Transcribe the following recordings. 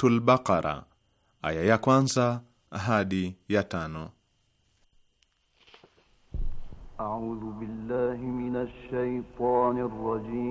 Suratul Baqara aya ya kwanza hadi ya tano. A'udhu billahi minash shaitani rrajim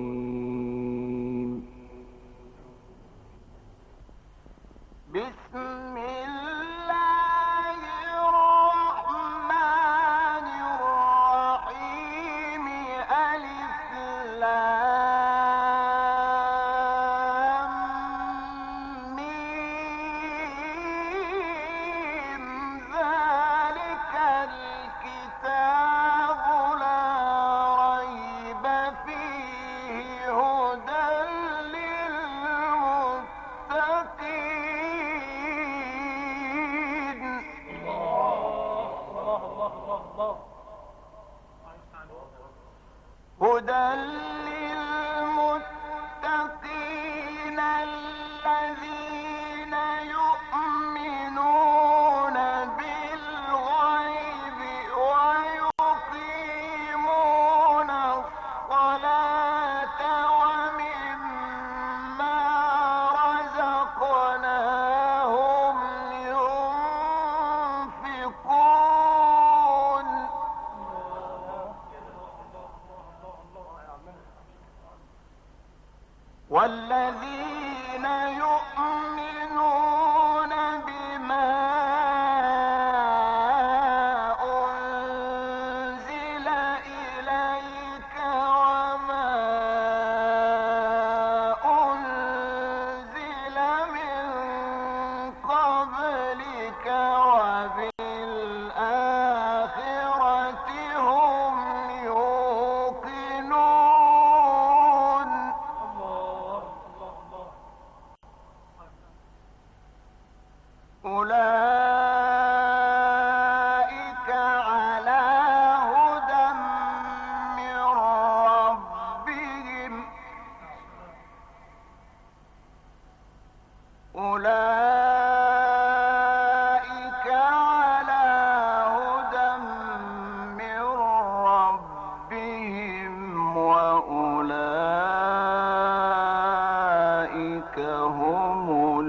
Kwa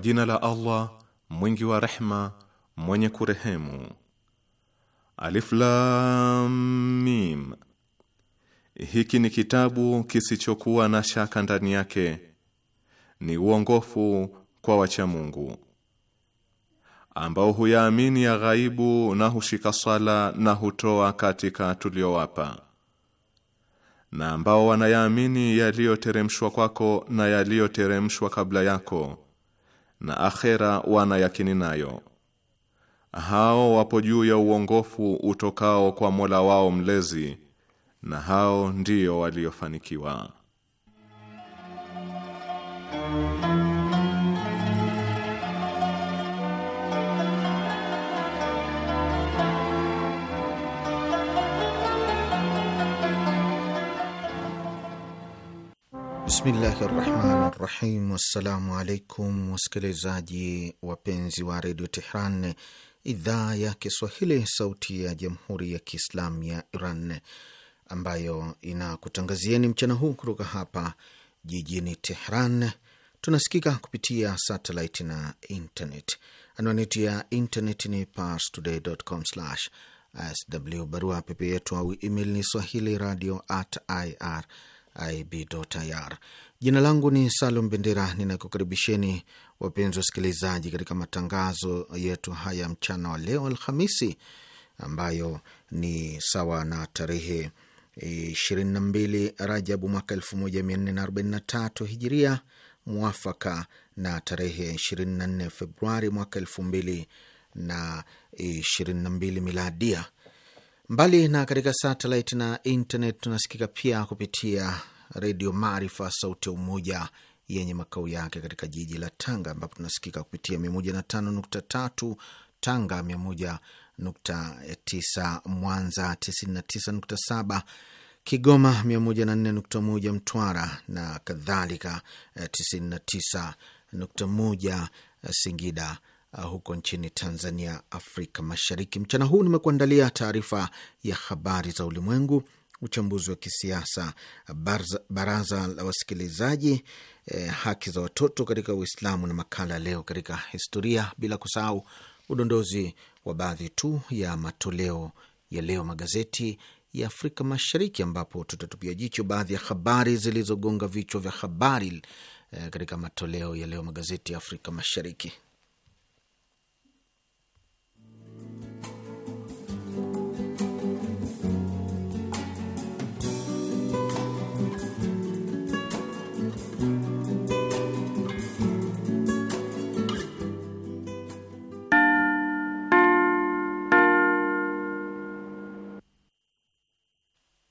jina la Allah mwingi wa rehma mwenye kurehemu. Alif Lam Mim. Hiki ni kitabu kisichokuwa na shaka ndani yake ni uongofu kwa wacha mungu ambao huyaamini ya ghaibu na hushika sala na hutoa katika tuliyowapa na ambao wanayaamini yaliyoteremshwa kwako na yaliyoteremshwa kabla yako na akhera wanayakini nayo hao wapo juu ya uongofu utokao kwa Mola wao mlezi na hao ndio waliofanikiwa Bismillahi rahmani rahim. Wassalamu alaikum wasikilizaji wapenzi wa redio Tehran, idhaa ya Kiswahili, sauti ya jamhuri ya kiislamu ya Iran ambayo inakutangazieni mchana huu kutoka hapa jijini Tehran Tunasikika kupitia satellite na internet. Anwani ya internet ni parstoday.com/sw. Barua pepe yetu au email ni swahili radio at irib.ir. Jina langu ni Salum Bendera, ninakukaribisheni wapenzi wasikilizaji katika matangazo yetu haya mchana wa leo Alhamisi, ambayo ni sawa na tarehe 22 Rajabu mwaka 1443 hijiria mwafaka na tarehe 24 Februari mwaka mbili miladia. Mbali na katika satellite na internet, tunasikika pia kupitia Redio Maarifa Sauti ya Umoja yenye makao yake katika jiji la Tanga, ambapo tunasikika kupitia tatu Tanga, tisa Mwanza, 99.7 Kigoma 104.1, Mtwara na kadhalika 99.1 eh, eh, Singida eh, huko nchini Tanzania, Afrika Mashariki. Mchana huu nimekuandalia taarifa ya habari za ulimwengu, uchambuzi wa kisiasa, barza, baraza la wasikilizaji, eh, haki za watoto katika Uislamu na makala leo katika historia, bila kusahau udondozi wa baadhi tu ya matoleo ya leo magazeti ya Afrika Mashariki, ambapo tutatupia jicho baadhi ya habari zilizogonga vichwa vya habari eh, katika matoleo ya leo magazeti ya Afrika Mashariki.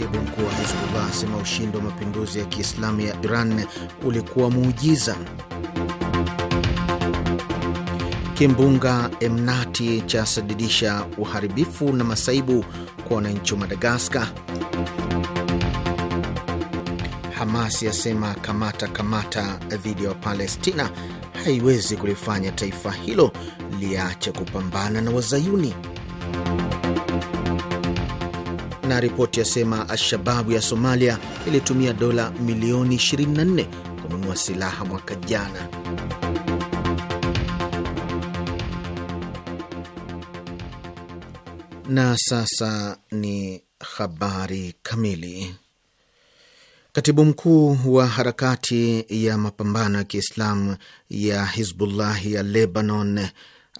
Katibu mkuu wa Hizbullah asema ushindi wa mapinduzi ya Kiislamu ya Iran ulikuwa muujiza. Kimbunga Emnati cha sadidisha uharibifu na masaibu kwa wananchi wa Madagaskar. Hamas yasema kamata kamata dhidi ya Wapalestina haiwezi kulifanya taifa hilo liache kupambana na Wazayuni na ripoti yasema Alshababu ya Somalia ilitumia dola milioni 24 kununua silaha mwaka jana. Na sasa ni habari kamili. Katibu mkuu wa harakati ya mapambano ya Kiislamu ya Hizbullahi ya Lebanon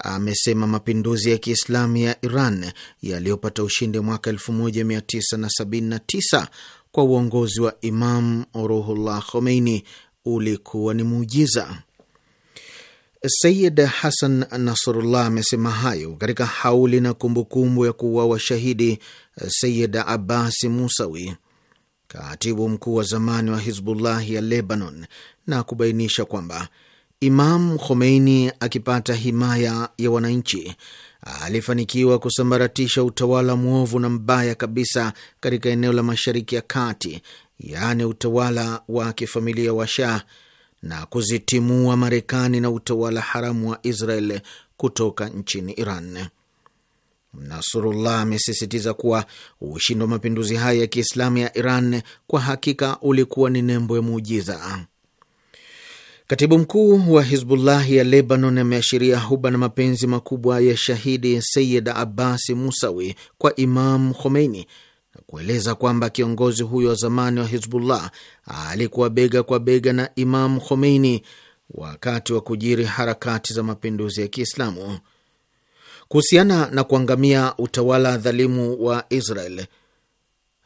amesema mapinduzi ya Kiislamu ya Iran yaliyopata ushindi mwaka 1979 kwa uongozi wa Imam Ruhullah Khomeini ulikuwa ni muujiza. Sayid Hasan Nasrullah amesema hayo katika hauli na kumbukumbu ya kuuawa shahidi Sayid Abbasi Musawi, katibu mkuu wa zamani wa Hizbullahi ya Lebanon, na kubainisha kwamba Imam Khomeini akipata himaya ya wananchi alifanikiwa kusambaratisha utawala mwovu na mbaya kabisa katika eneo la Mashariki ya Kati, yaani utawala wa kifamilia wa Shah na kuzitimua Marekani na utawala haramu wa Israel kutoka nchini Iran. Nasurullah amesisitiza kuwa ushindi wa mapinduzi haya ya Kiislamu ya Iran kwa hakika ulikuwa ni nembo ya muujiza. Katibu mkuu wa Hizbullah ya Lebanon ameashiria huba na mapenzi makubwa ya shahidi Sayid Abbasi Musawi kwa Imam Khomeini na kueleza kwamba kiongozi huyo wa zamani wa Hizbullah alikuwa bega kwa bega na Imam Khomeini wakati wa kujiri harakati za mapinduzi ya Kiislamu. Kuhusiana na kuangamia utawala dhalimu wa Israel,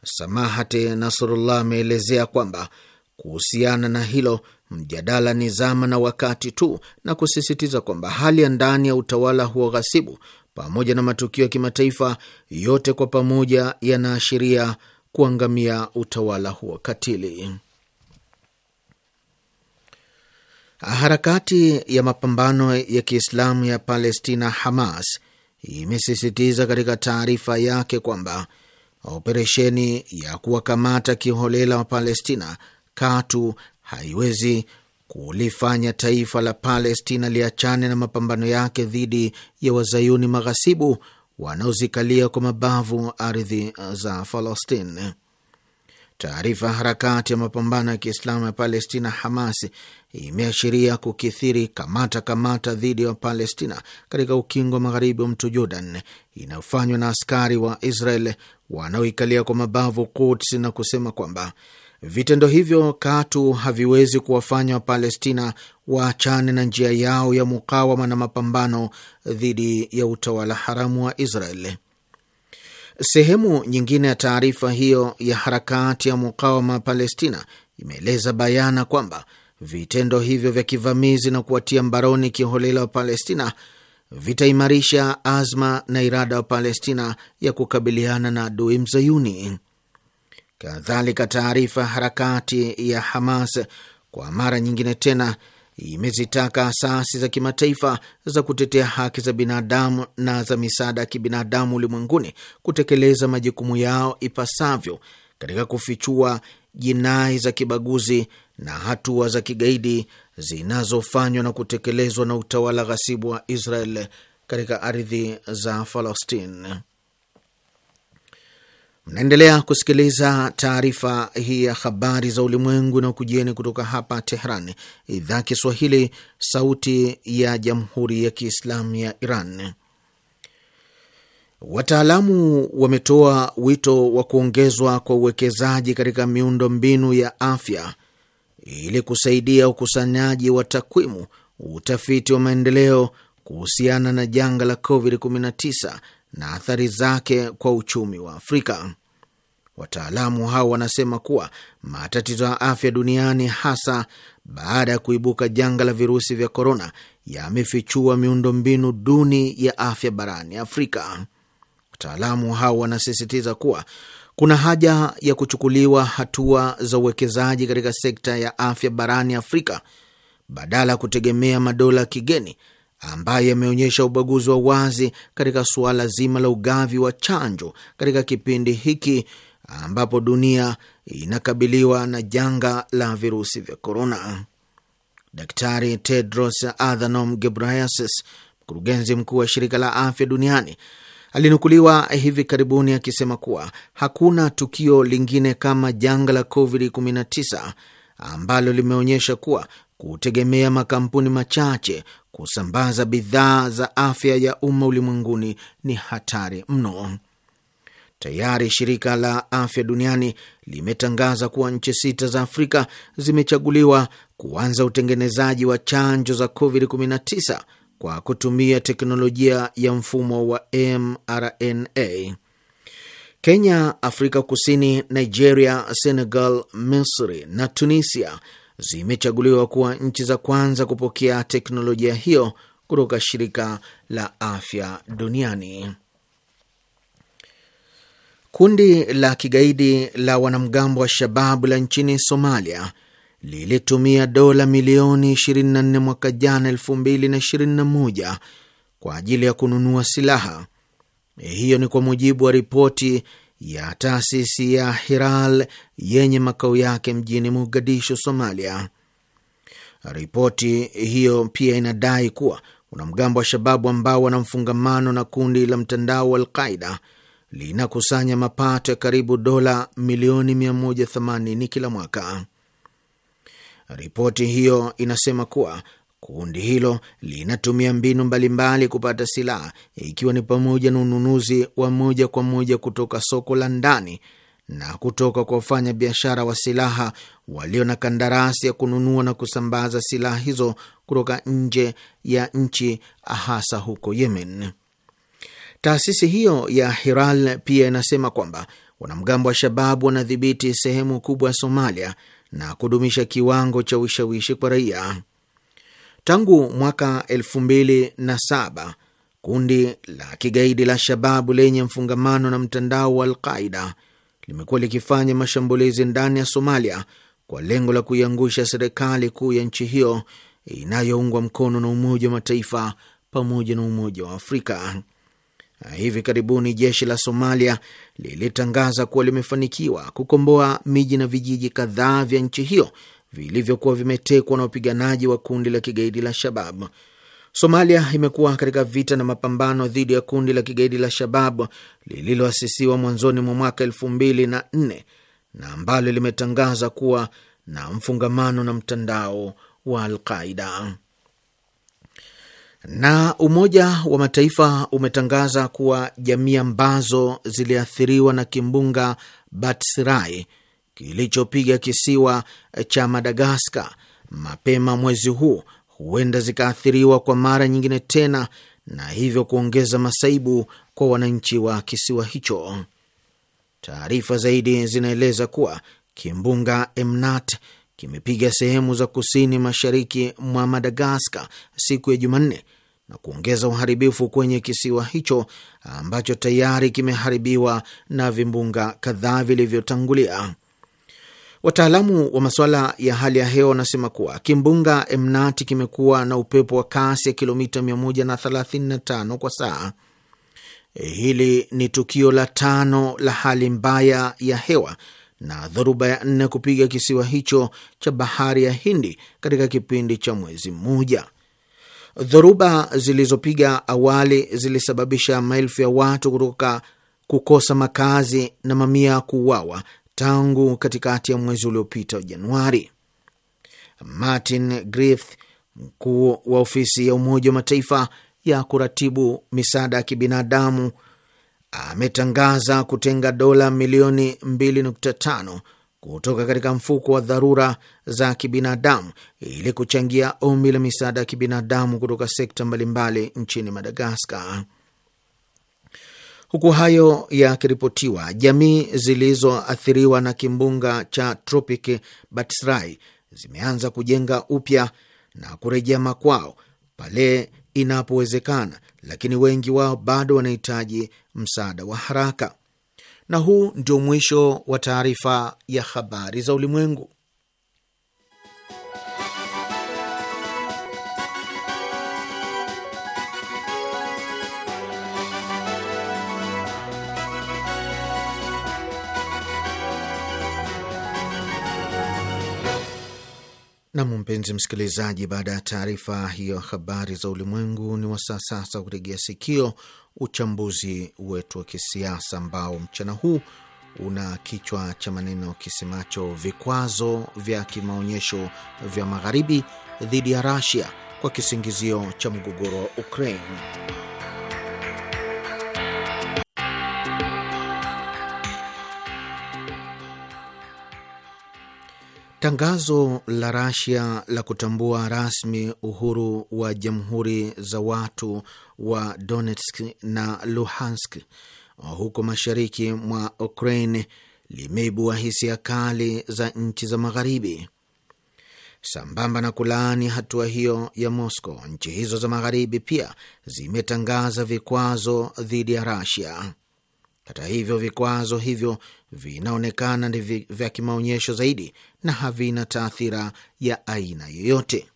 Samahati Nasrullah ameelezea kwamba kuhusiana na hilo Mjadala ni zama na wakati tu, na kusisitiza kwamba hali ya ndani ya utawala huo ghasibu pamoja na matukio ya kimataifa yote kwa pamoja yanaashiria kuangamia utawala huo katili. Harakati ya mapambano ya Kiislamu ya Palestina, Hamas, imesisitiza katika taarifa yake kwamba operesheni ya kuwakamata kiholela wa Palestina katu haiwezi kulifanya taifa la Palestina liachane na mapambano yake dhidi ya wazayuni maghasibu wanaozikalia kwa mabavu ardhi za Falastini. Taarifa ya harakati ya mapambano ya Kiislamu ya Palestina, Hamas, imeashiria kukithiri kamata kamata dhidi ya Palestina katika ukingo wa magharibi wa mto Jordan inayofanywa na askari wa Israel wanaoikalia kwa mabavu Quds na kusema kwamba Vitendo hivyo katu haviwezi kuwafanya Wapalestina waachane na njia yao ya mukawama na mapambano dhidi ya utawala haramu wa Israeli. Sehemu nyingine ya taarifa hiyo ya harakati ya mukawama Palestina imeeleza bayana kwamba vitendo hivyo vya kivamizi na kuwatia mbaroni kiholela wa Palestina vitaimarisha azma na irada wa Palestina ya kukabiliana na adui mzayuni. Kadhalika, taarifa ya harakati ya Hamas kwa mara nyingine tena imezitaka asasi za kimataifa za kutetea haki za binadamu na za misaada ya kibinadamu ulimwenguni kutekeleza majukumu yao ipasavyo katika kufichua jinai za kibaguzi na hatua za kigaidi zinazofanywa na kutekelezwa na utawala ghasibu wa Israel katika ardhi za Palestina. Mnaendelea kusikiliza taarifa hii ya habari za ulimwengu na ukujieni kutoka hapa Tehran, idhaa Kiswahili, sauti ya jamhuri ya kiislamu ya Iran. Wataalamu wametoa wito wa kuongezwa kwa uwekezaji katika miundo mbinu ya afya ili kusaidia ukusanyaji wa takwimu, utafiti wa maendeleo kuhusiana na janga la COVID-19 na athari zake kwa uchumi wa Afrika. Wataalamu hao wanasema kuwa matatizo ya afya duniani, hasa baada ya kuibuka janga la virusi vya korona, yamefichua miundombinu duni ya afya barani Afrika. Wataalamu hao wanasisitiza kuwa kuna haja ya kuchukuliwa hatua za uwekezaji katika sekta ya afya barani Afrika badala ya kutegemea madola kigeni ambaye ameonyesha ubaguzi wa wazi katika suala zima la ugavi wa chanjo katika kipindi hiki ambapo dunia inakabiliwa na janga la virusi vya korona. Daktari Tedros Adhanom Ghebreyesus, mkurugenzi mkuu wa shirika la afya duniani, alinukuliwa hivi karibuni akisema kuwa hakuna tukio lingine kama janga la COVID-19 ambalo limeonyesha kuwa kutegemea makampuni machache kusambaza bidhaa za afya ya umma ulimwenguni ni hatari mno. Tayari shirika la afya duniani limetangaza kuwa nchi sita za Afrika zimechaguliwa kuanza utengenezaji wa chanjo za COVID-19 kwa kutumia teknolojia ya mfumo wa mRNA: Kenya, Afrika Kusini, Nigeria, Senegal, Misri na Tunisia zimechaguliwa kuwa nchi za kwanza kupokea teknolojia hiyo kutoka shirika la afya duniani. Kundi la kigaidi la wanamgambo wa Shababu la nchini Somalia lilitumia dola milioni 24 mwaka jana 2021 kwa ajili ya kununua silaha. Hiyo ni kwa mujibu wa ripoti ya taasisi ya Hiral yenye makao yake mjini Mogadishu, Somalia. Ripoti hiyo pia inadai kuwa wanamgambo wa Shababu ambao wana mfungamano na kundi la mtandao wa Alqaida linakusanya mapato ya karibu dola milioni 180 kila mwaka. Ripoti hiyo inasema kuwa Kundi hilo linatumia mbinu mbalimbali mbali kupata silaha ikiwa ni pamoja na ununuzi wa moja kwa moja kutoka soko la ndani na kutoka kwa wafanya biashara wa silaha walio na kandarasi ya kununua na kusambaza silaha hizo kutoka nje ya nchi, hasa huko Yemen. Taasisi hiyo ya Hiral pia inasema kwamba wanamgambo wa Shababu wanadhibiti sehemu kubwa ya Somalia na kudumisha kiwango cha ushawishi kwa raia. Tangu mwaka 27 kundi la kigaidi la Shababu lenye mfungamano na mtandao wa Alqaida limekuwa likifanya mashambulizi ndani ya Somalia kwa lengo la kuiangusha serikali kuu ya nchi hiyo inayoungwa mkono na Umoja wa Mataifa pamoja na Umoja wa Afrika. Hivi karibuni jeshi la Somalia lilitangaza kuwa limefanikiwa kukomboa miji na vijiji kadhaa vya nchi hiyo vilivyokuwa vimetekwa na wapiganaji wa kundi la kigaidi la Shabab. Somalia imekuwa katika vita na mapambano dhidi ya kundi la kigaidi la Shabab lililoasisiwa mwanzoni mwa mwaka elfu mbili na nne na ambalo limetangaza kuwa na mfungamano na mtandao wa Alqaida. Na Umoja wa Mataifa umetangaza kuwa jamii ambazo ziliathiriwa na kimbunga Batsirai kilichopiga kisiwa cha Madagaskar mapema mwezi huu huenda zikaathiriwa kwa mara nyingine tena na hivyo kuongeza masaibu kwa wananchi wa kisiwa hicho. Taarifa zaidi zinaeleza kuwa kimbunga Emnat kimepiga sehemu za kusini mashariki mwa Madagaskar siku ya Jumanne na kuongeza uharibifu kwenye kisiwa hicho ambacho tayari kimeharibiwa na vimbunga kadhaa vilivyotangulia. Wataalamu wa masuala ya hali ya hewa wanasema kuwa kimbunga Emnati kimekuwa na upepo wa kasi ya kilomita 135 kwa saa. Eh, hili ni tukio la tano la hali mbaya ya hewa na dhoruba ya nne kupiga kisiwa hicho cha bahari ya Hindi katika kipindi cha mwezi mmoja. Dhoruba zilizopiga awali zilisababisha maelfu ya watu kutoka kukosa makazi na mamia kuwawa kuuawa tangu katikati ya mwezi uliopita Januari. Martin grith mkuu wa ofisi ya Umoja wa Mataifa ya kuratibu misaada ya kibinadamu, ametangaza kutenga dola milioni 2.5 kutoka katika mfuko wa dharura za kibinadamu ili kuchangia ombi la misaada ya kibinadamu kutoka sekta mbalimbali nchini Madagaskar. Huku hayo yakiripotiwa, jamii zilizoathiriwa na kimbunga cha tropic Batsirai zimeanza kujenga upya na kurejea makwao pale inapowezekana, lakini wengi wao bado wanahitaji msaada wa haraka. Na huu ndio mwisho wa taarifa ya habari za ulimwengu. Nam, mpenzi msikilizaji, baada ya taarifa hiyo habari za ulimwengu, ni wasaa sasa kutegea sikio uchambuzi wetu wa kisiasa ambao mchana huu una kichwa cha maneno kisemacho vikwazo vya kimaonyesho vya magharibi dhidi ya Rasia kwa kisingizio cha mgogoro wa Ukraine. Tangazo la Rasia la kutambua rasmi uhuru wa jamhuri za watu wa Donetsk na Luhansk huko mashariki mwa Ukraine limeibua hisia kali za nchi za Magharibi. Sambamba na kulaani hatua hiyo ya Moscow, nchi hizo za Magharibi pia zimetangaza vikwazo dhidi ya Rasia. Hata hivyo, vikwazo hivyo vinaonekana ni vya kimaonyesho zaidi na havina taathira ya aina yoyote.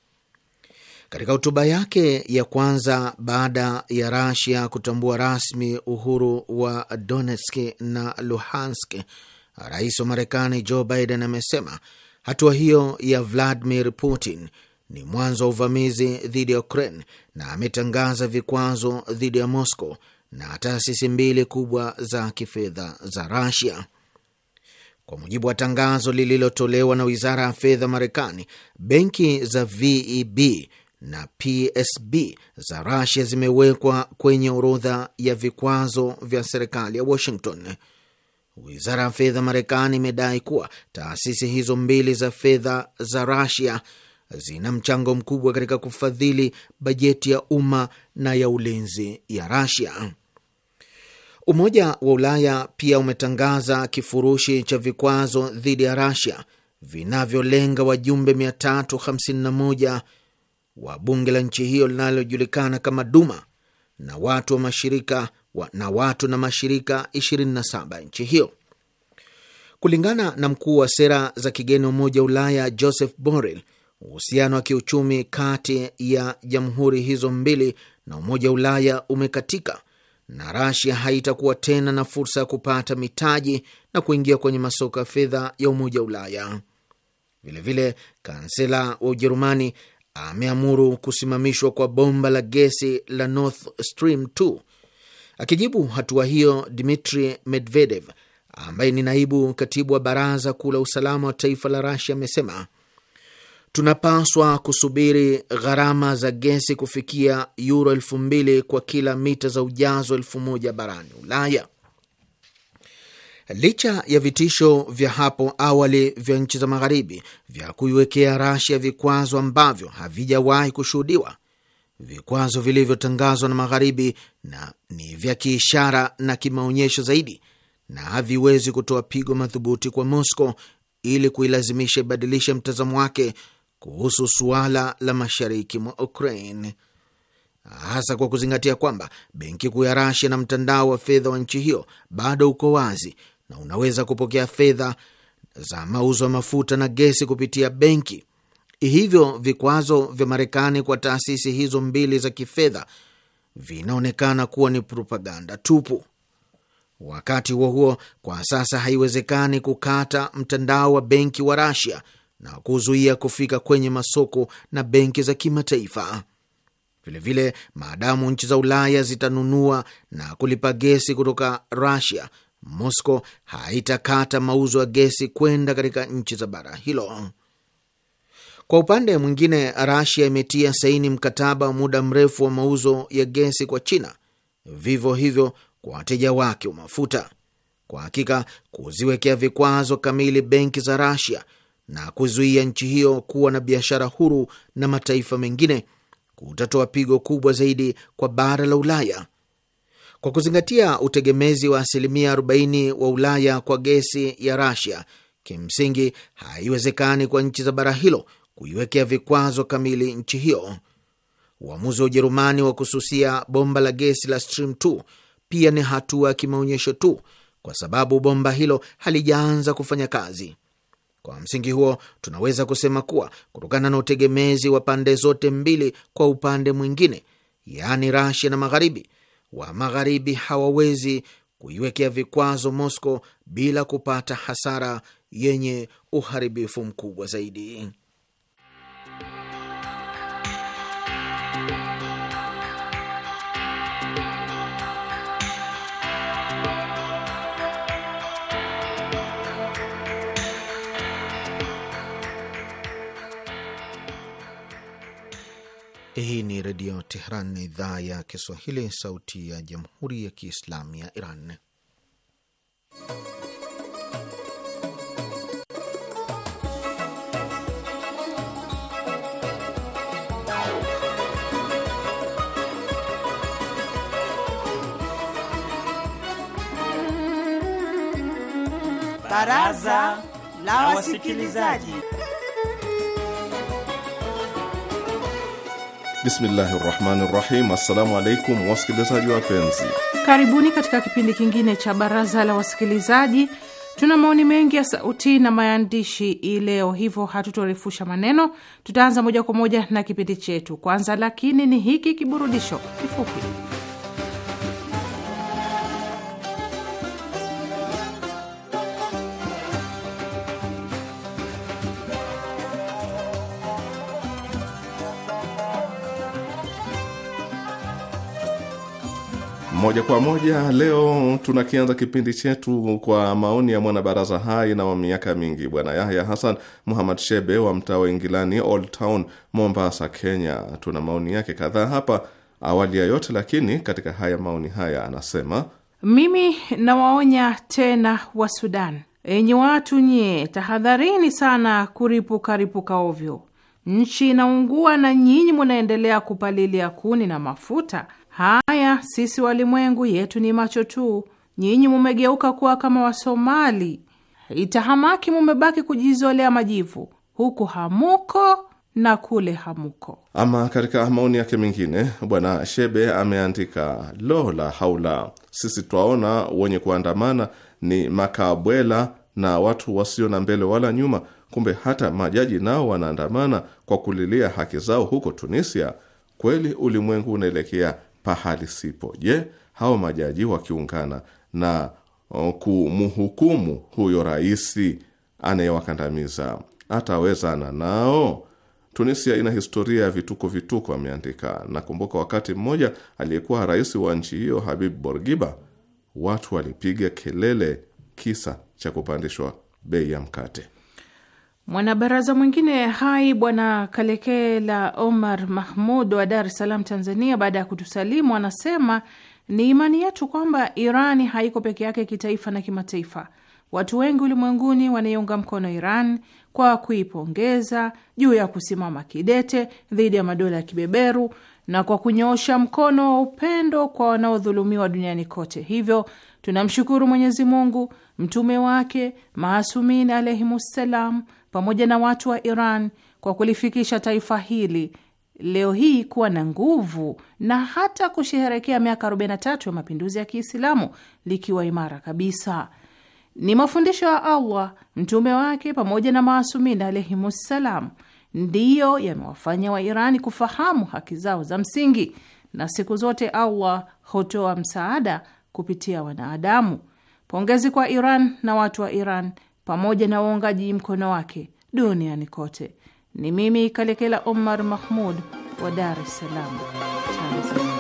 Katika hotuba yake ya kwanza baada ya Rasia kutambua rasmi uhuru wa Donetsk na Luhansk, rais wa Marekani Joe Biden amesema hatua hiyo ya Vladimir Putin ni mwanzo wa uvamizi dhidi ya Ukraine na ametangaza vikwazo dhidi ya Moscow na taasisi mbili kubwa za kifedha za Rasia. Kwa mujibu wa tangazo lililotolewa na wizara ya fedha Marekani, benki za VEB na PSB za Rasia zimewekwa kwenye orodha ya vikwazo vya serikali ya Washington. Wizara ya fedha Marekani imedai kuwa taasisi hizo mbili za fedha za Rasia zina mchango mkubwa katika kufadhili bajeti ya umma na ya ulinzi ya Rasia. Umoja wa Ulaya pia umetangaza kifurushi cha vikwazo dhidi ya Rasia vinavyolenga wajumbe 351 wa bunge la nchi hiyo linalojulikana kama Duma na watu wa mashirika wa, na watu na mashirika 27 nchi hiyo. Kulingana na mkuu wa sera za kigeni wa Umoja wa Ulaya Joseph Borrell, uhusiano wa kiuchumi kati ya jamhuri hizo mbili na Umoja wa Ulaya umekatika na Rasia haitakuwa tena na fursa ya kupata mitaji na kuingia kwenye masoko ya fedha ya Umoja wa Ulaya. Vilevile, kansela wa Ujerumani ameamuru kusimamishwa kwa bomba la gesi la Nord Stream 2. Akijibu hatua hiyo, Dmitri Medvedev ambaye ni naibu katibu wa baraza kuu la usalama wa taifa la Rasia amesema tunapaswa kusubiri gharama za gesi kufikia yuro elfu mbili kwa kila mita za ujazo elfu moja barani Ulaya. Licha ya vitisho vya hapo awali vya nchi za magharibi vya kuiwekea Rasia vikwazo ambavyo havijawahi kushuhudiwa, vikwazo vilivyotangazwa na magharibi na ni vya kiishara na kimaonyesho zaidi na haviwezi kutoa pigo madhubuti kwa Moscow ili kuilazimisha ibadilishe mtazamo wake kuhusu suala la mashariki mwa Ukraine, hasa kwa kuzingatia kwamba benki kuu ya Rasia na mtandao wa fedha wa nchi hiyo bado uko wazi na unaweza kupokea fedha za mauzo ya mafuta na gesi kupitia benki. Hivyo vikwazo vya Marekani kwa taasisi hizo mbili za kifedha vinaonekana kuwa ni propaganda tupu. Wakati huo huo, kwa sasa haiwezekani kukata mtandao wa benki wa Rasia na kuzuia kufika kwenye masoko na benki za kimataifa. Vilevile, maadamu nchi za Ulaya zitanunua na kulipa gesi kutoka Rusia, Moscow haitakata mauzo ya gesi kwenda katika nchi za bara hilo. Kwa upande mwingine, Rasia imetia saini mkataba wa muda mrefu wa mauzo ya gesi kwa China, vivyo hivyo kwa wateja wake wa mafuta. Kwa hakika, kuziwekea vikwazo kamili benki za Rasia na kuzuia nchi hiyo kuwa na biashara huru na mataifa mengine kutatoa pigo kubwa zaidi kwa bara la Ulaya. Kwa kuzingatia utegemezi wa asilimia 40 wa Ulaya kwa gesi ya Rasia, kimsingi haiwezekani kwa nchi za bara hilo kuiwekea vikwazo kamili nchi hiyo. Uamuzi wa Ujerumani wa kususia bomba la gesi la Stream 2 pia ni hatua ya kimaonyesho tu, kwa sababu bomba hilo halijaanza kufanya kazi. Kwa msingi huo tunaweza kusema kuwa kutokana na utegemezi wa pande zote mbili kwa upande mwingine, yaani Rasia na Magharibi, wa Magharibi hawawezi kuiwekea vikwazo Moscow bila kupata hasara yenye uharibifu mkubwa zaidi. Hii ni Redio Tehran, idhaa ya Kiswahili, sauti ya Jamhuri ya Kiislamu ya Iran. Baraza la Wasikilizaji. Bismillahi rahmani rahim. Assalamu alaikum wasikilizaji wapenzi, karibuni katika kipindi kingine cha baraza la wasikilizaji. Tuna maoni mengi ya sauti na maandishi leo, hivyo hatutorefusha maneno, tutaanza moja kwa moja na kipindi chetu. Kwanza lakini ni hiki kiburudisho kifupi. moja kwa moja. Leo tunakianza kipindi chetu kwa maoni ya mwanabaraza hai na wa miaka mingi, Bwana Yahya Hassan Muhammad Shebe wa mtaa wa Ingilani, Old Town, Mombasa, Kenya. Tuna maoni yake kadhaa hapa. Awali ya yote lakini, katika haya maoni haya anasema, mimi nawaonya tena wa Sudan, enyi watu nyie, tahadharini sana ripuka ovyo. Nchi inaungua na nyinyi munaendelea kupalilia kuni na mafuta Haya, sisi walimwengu yetu ni macho tu, nyinyi mumegeuka kuwa kama Wasomali. Itahamaki mumebaki kujizolea majivu, huku hamuko na kule hamuko. Ama katika maoni yake mengine, Bwana Shebe ameandika lo la haula, sisi twaona wenye kuandamana ni makabwela na watu wasio na mbele wala nyuma, kumbe hata majaji nao wanaandamana kwa kulilia haki zao huko Tunisia. Kweli ulimwengu unaelekea pahali sipo. Je, hao majaji wakiungana na kumhukumu huyo raisi anayewakandamiza atawezana nao? Tunisia ina historia ya vituko vituko, ameandika. Nakumbuka wakati mmoja aliyekuwa rais wa nchi hiyo Habib Bourguiba, watu walipiga kelele kisa cha kupandishwa bei ya mkate. Mwanabaraza mwingine hai Bwana Kalekela Omar Mahmud wa Dar es Salaam, Tanzania, baada ya kutusalimu anasema ni imani yetu kwamba Irani haiko peke yake kitaifa na kimataifa. Watu wengi ulimwenguni wanaiunga mkono Iran kwa kuipongeza juu ya kusimama kidete dhidi ya madola ya kibeberu na kwa kunyoosha mkono wa upendo kwa wanaodhulumiwa duniani kote. Hivyo tunamshukuru Mwenyezi Mungu, mtume wake, maasumin alaihimussalam pamoja na watu wa Iran kwa kulifikisha taifa hili leo hii kuwa na nguvu na hata kusheherekea miaka 43 ya mapinduzi ya Kiislamu likiwa imara kabisa. Ni mafundisho ya Allah, mtume wake pamoja na maasumina alaihimussalam ndiyo yamewafanya Wairani kufahamu haki zao za msingi, na siku zote Allah hutoa msaada kupitia wanadamu. Pongezi kwa Iran na watu wa Iran pamoja na waungaji mkono wake duniani kote. Ni mimi Kalekela Omar Mahmud wa Dar es Salaam, Tanzania.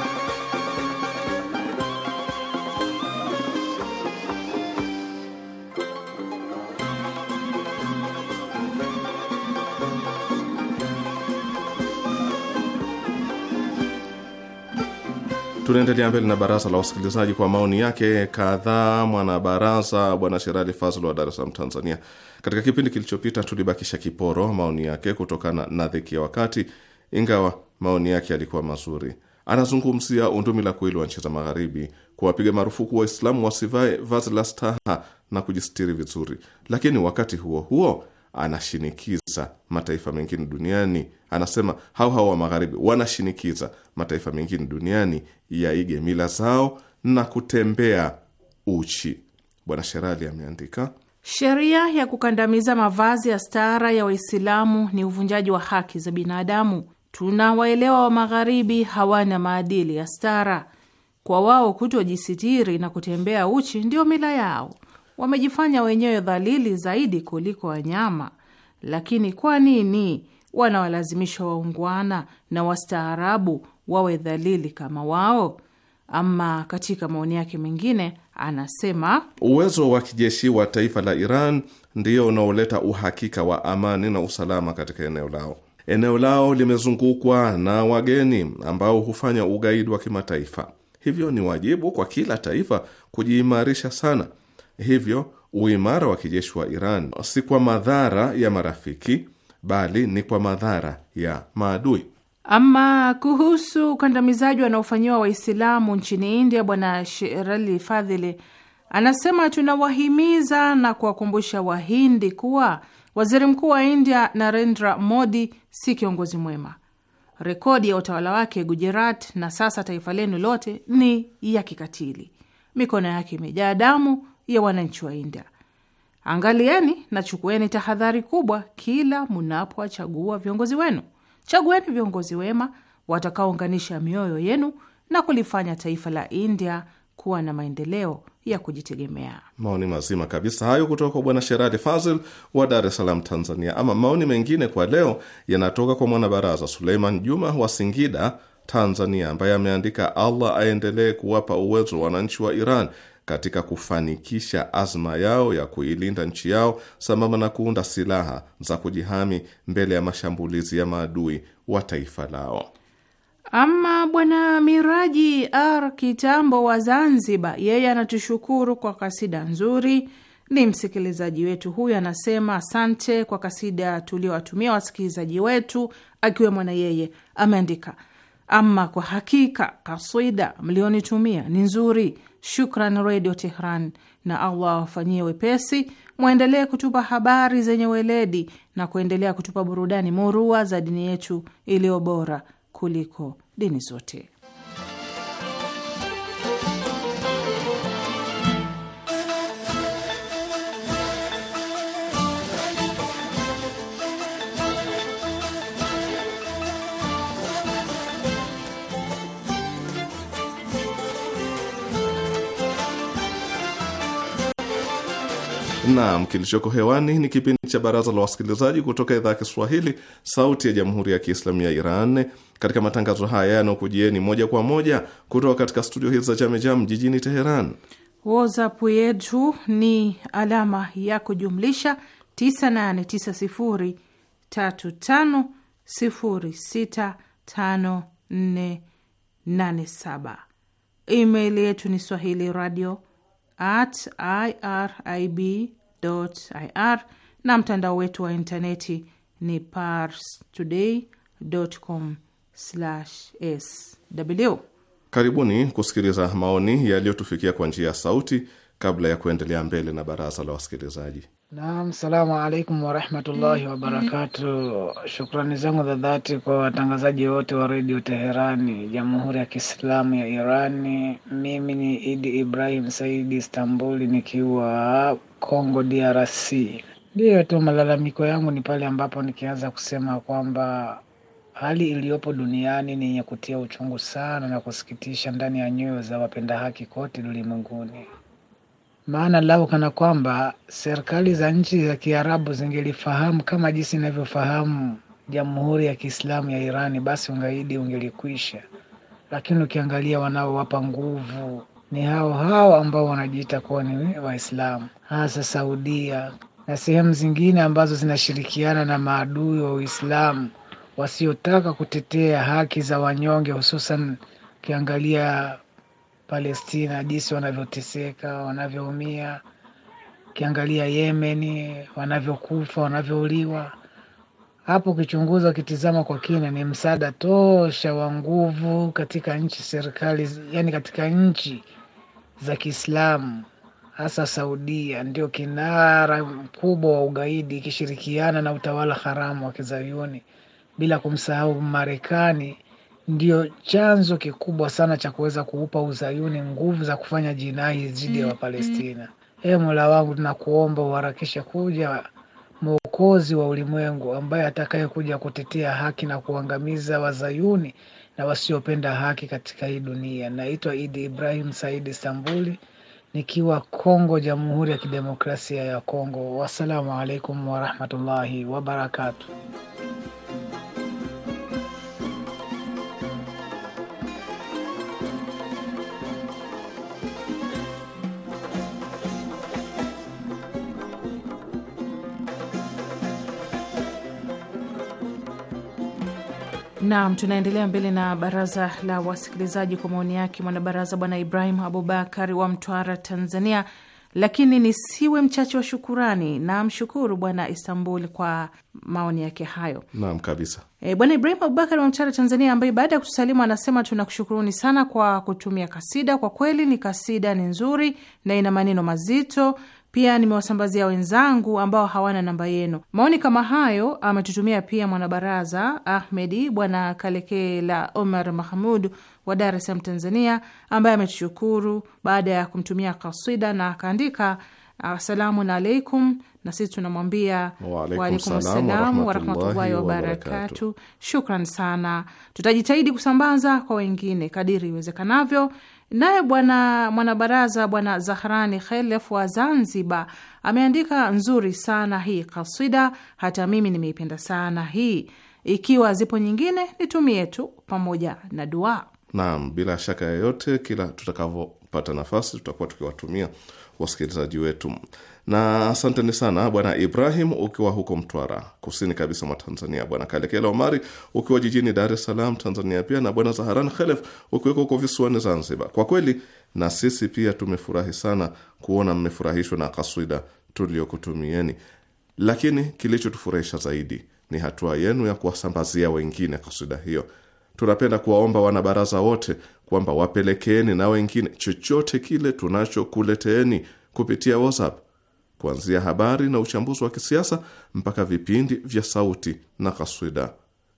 Tunaendelea mbele na baraza la wasikilizaji kwa maoni yake kadhaa. Mwanabaraza Bwana Sherali Fazl wa Dar es Salaam, Tanzania, katika kipindi kilichopita tulibakisha kiporo maoni yake kutokana na dhiki ya wakati, ingawa maoni yake yalikuwa mazuri. Anazungumzia undumi la kuili wa nchi za Magharibi kuwapiga marufuku Waislamu wasivae vazi la staha na kujistiri vizuri, lakini wakati huo huo anashinikiza mataifa mengine duniani Anasema hao hao wa magharibi wanashinikiza mataifa mengine duniani yaige mila zao na kutembea uchi. Bwana Sherali ameandika sheria ya kukandamiza mavazi ya stara ya Waislamu ni uvunjaji wa haki za binadamu. Tunawaelewa wa magharibi hawana maadili ya stara. Kwa wao kutojisitiri na kutembea uchi ndio mila yao. Wamejifanya wenyewe dhalili zaidi kuliko wanyama. Lakini kwa nini wanawalazimisha waungwana na wastaarabu wawe dhalili kama wao? Ama katika maoni yake mengine anasema uwezo wa kijeshi wa taifa la Iran ndio unaoleta uhakika wa amani na usalama katika eneo lao. Eneo lao limezungukwa na wageni ambao hufanya ugaidi wa kimataifa, hivyo ni wajibu kwa kila taifa kujiimarisha sana. Hivyo uimara wa kijeshi wa Iran si kwa madhara ya marafiki bali ni kwa madhara ya maadui. Ama kuhusu ukandamizaji wanaofanyiwa Waislamu nchini India, Bwana Sherali Fadhili anasema tunawahimiza na kuwakumbusha Wahindi kuwa waziri mkuu wa India Narendra Modi si kiongozi mwema. Rekodi ya utawala wake Gujarat na sasa taifa lenu lote ni ya kikatili. Mikono yake imejaa damu ya wananchi wa India. Angalieni na chukueni tahadhari kubwa kila mnapowachagua viongozi wenu. Chagueni viongozi wema watakaounganisha mioyo yenu na kulifanya taifa la India kuwa na maendeleo ya kujitegemea. Maoni mazima kabisa hayo kutoka kwa Bwana Sherali Fazil wa Dar es Salaam, Tanzania. Ama maoni mengine kwa leo yanatoka kwa mwanabaraza Suleiman Juma wa Singida, Tanzania, ambaye ameandika, Allah aendelee kuwapa uwezo wananchi wa Iran katika kufanikisha azma yao ya kuilinda nchi yao sambamba na kuunda silaha za kujihami mbele ya mashambulizi ya maadui wa taifa lao. Ama Bwana Miraji R Kitambo wa Zanzibar, yeye anatushukuru kwa kasida nzuri. Ni msikilizaji wetu huyu, anasema asante kwa kasida tuliowatumia wasikilizaji wetu, akiwemo na yeye. Ameandika ama kwa hakika kaswida mlionitumia ni nzuri Shukran Redio Tehran, na Allah awafanyie wepesi. Mwendelee kutupa habari zenye weledi na kuendelea kutupa burudani murua za dini yetu iliyo bora kuliko dini zote. Naam, kilichoko hewani ni kipindi cha Baraza la Wasikilizaji kutoka idhaa ya Kiswahili, Sauti ya Jamhuri ya Kiislamu ya Iran. Katika matangazo haya yanayokujieni moja kwa moja kutoka katika studio hizi za Jamejam jijini Teheran, WhatsApp yetu ni alama ya kujumlisha 989035065487. Email yetu ni swahili radio at irib ir na mtandao wetu wa intaneti ni pars sw. Karibuni kusikiliza maoni yaliyotufikia kwa njia ya sauti, kabla ya kuendelea mbele na baraza la wasikilizaji. Naam, salamu alaikum warahmatullahi wabarakatu. Shukrani zangu za dhati kwa watangazaji wote wa redio Teherani, jamhuri ya kiislamu ya Irani. Mimi ni Idi Ibrahim Saidi Istanbuli, nikiwa Congo DRC. Ndiyo tu malalamiko yangu ni pale ambapo nikianza kusema kwamba hali iliyopo duniani ni yenye kutia uchungu sana na kusikitisha ndani ya nyoyo za wapenda haki kote ulimwenguni. Maana lau kana kwamba serikali za nchi za Kiarabu zingelifahamu kama jinsi inavyofahamu Jamhuri ya Kiislamu ya Irani, basi ungaidi ungelikwisha. Lakini ukiangalia wanaowapa nguvu ni hao hao ambao wanajiita kuwa ni Waislamu, hasa Saudia na sehemu zingine ambazo zinashirikiana na maadui wa Uislamu wasiotaka kutetea haki za wanyonge, hususan ukiangalia Palestina, jinsi wanavyoteseka, wanavyoumia, ukiangalia Yemen wanavyokufa, wanavyouliwa. Hapo ukichunguza, ukitizama kwa kina, ni msaada tosha wa nguvu katika nchi serikali, yani katika nchi za Kiislamu hasa Saudia ndio kinara mkubwa wa ugaidi ikishirikiana na utawala haramu wa Kizayuni, bila kumsahau Marekani ndio chanzo kikubwa sana cha kuweza kuupa uzayuni nguvu za kufanya jinai dhidi ya mm-hmm. Wapalestina. Ee Mola wangu, tunakuomba uharakishe kuja mwokozi wa ulimwengu ambaye atakayekuja kutetea haki na kuangamiza wazayuni na wasiopenda haki katika hii dunia. Naitwa Idi Ibrahim Said stambuli nikiwa Kongo, Jamhuri ya Kidemokrasia ya Kongo. Wassalamu alaikum warahmatullahi wabarakatuh. Naam, tunaendelea mbele na baraza la wasikilizaji kwa maoni yake mwanabaraza Bwana Ibrahim Abubakari wa Mtwara, Tanzania. Lakini nisiwe mchache wa shukurani, namshukuru Bwana Istanbul kwa maoni yake hayo. Naam kabisa. E, Bwana Ibrahim Abubakari wa Mtwara, Tanzania, ambaye baada ya kutusalimu anasema tunakushukuruni sana kwa kutumia kasida. Kwa kweli ni kasida ni nzuri na ina maneno mazito pia nimewasambazia wenzangu ambao hawana namba yenu. Maoni kama hayo ametutumia pia mwanabaraza Ahmedi Bwana Kalekela Omar Mahmud wa Dar es Salaam, Tanzania, ambaye ametushukuru baada ya kumtumia kaswida na akaandika, asalamu alaikum na sisi tunamwambia waalaikum salam warahmatullahi wabarakatu. Shukran sana, tutajitahidi kusambaza kwa wengine kadiri iwezekanavyo. Naye bwana mwanabaraza bwana Zahrani Khelef wa Zanzibar ameandika nzuri sana hii kasida, hata mimi nimeipenda sana hii. Ikiwa zipo nyingine nitumie tu pamoja na dua. Naam, bila shaka yoyote, kila tutakavyopata nafasi tutakuwa tukiwatumia wasikilizaji wetu na asanteni sana Bwana Ibrahim ukiwa huko Mtwara, kusini kabisa mwa Tanzania, Bwana Kalekela Omari ukiwa jijini Dar es Salaam, Tanzania pia na Bwana Zaharan Khelef ukiweko huko visiwani Zanzibar. Kwa kweli na sisi pia tumefurahi sana kuona mmefurahishwa na kaswida tuliyokutumieni, lakini kilichotufurahisha zaidi ni hatua yenu ya kuwasambazia wengine kaswida hiyo. Tunapenda kuwaomba wanabaraza wote kwamba wapelekeeni na wengine chochote kile tunachokuleteeni kupitia WhatsApp kuanzia habari na uchambuzi wa kisiasa mpaka vipindi vya sauti na kaswida.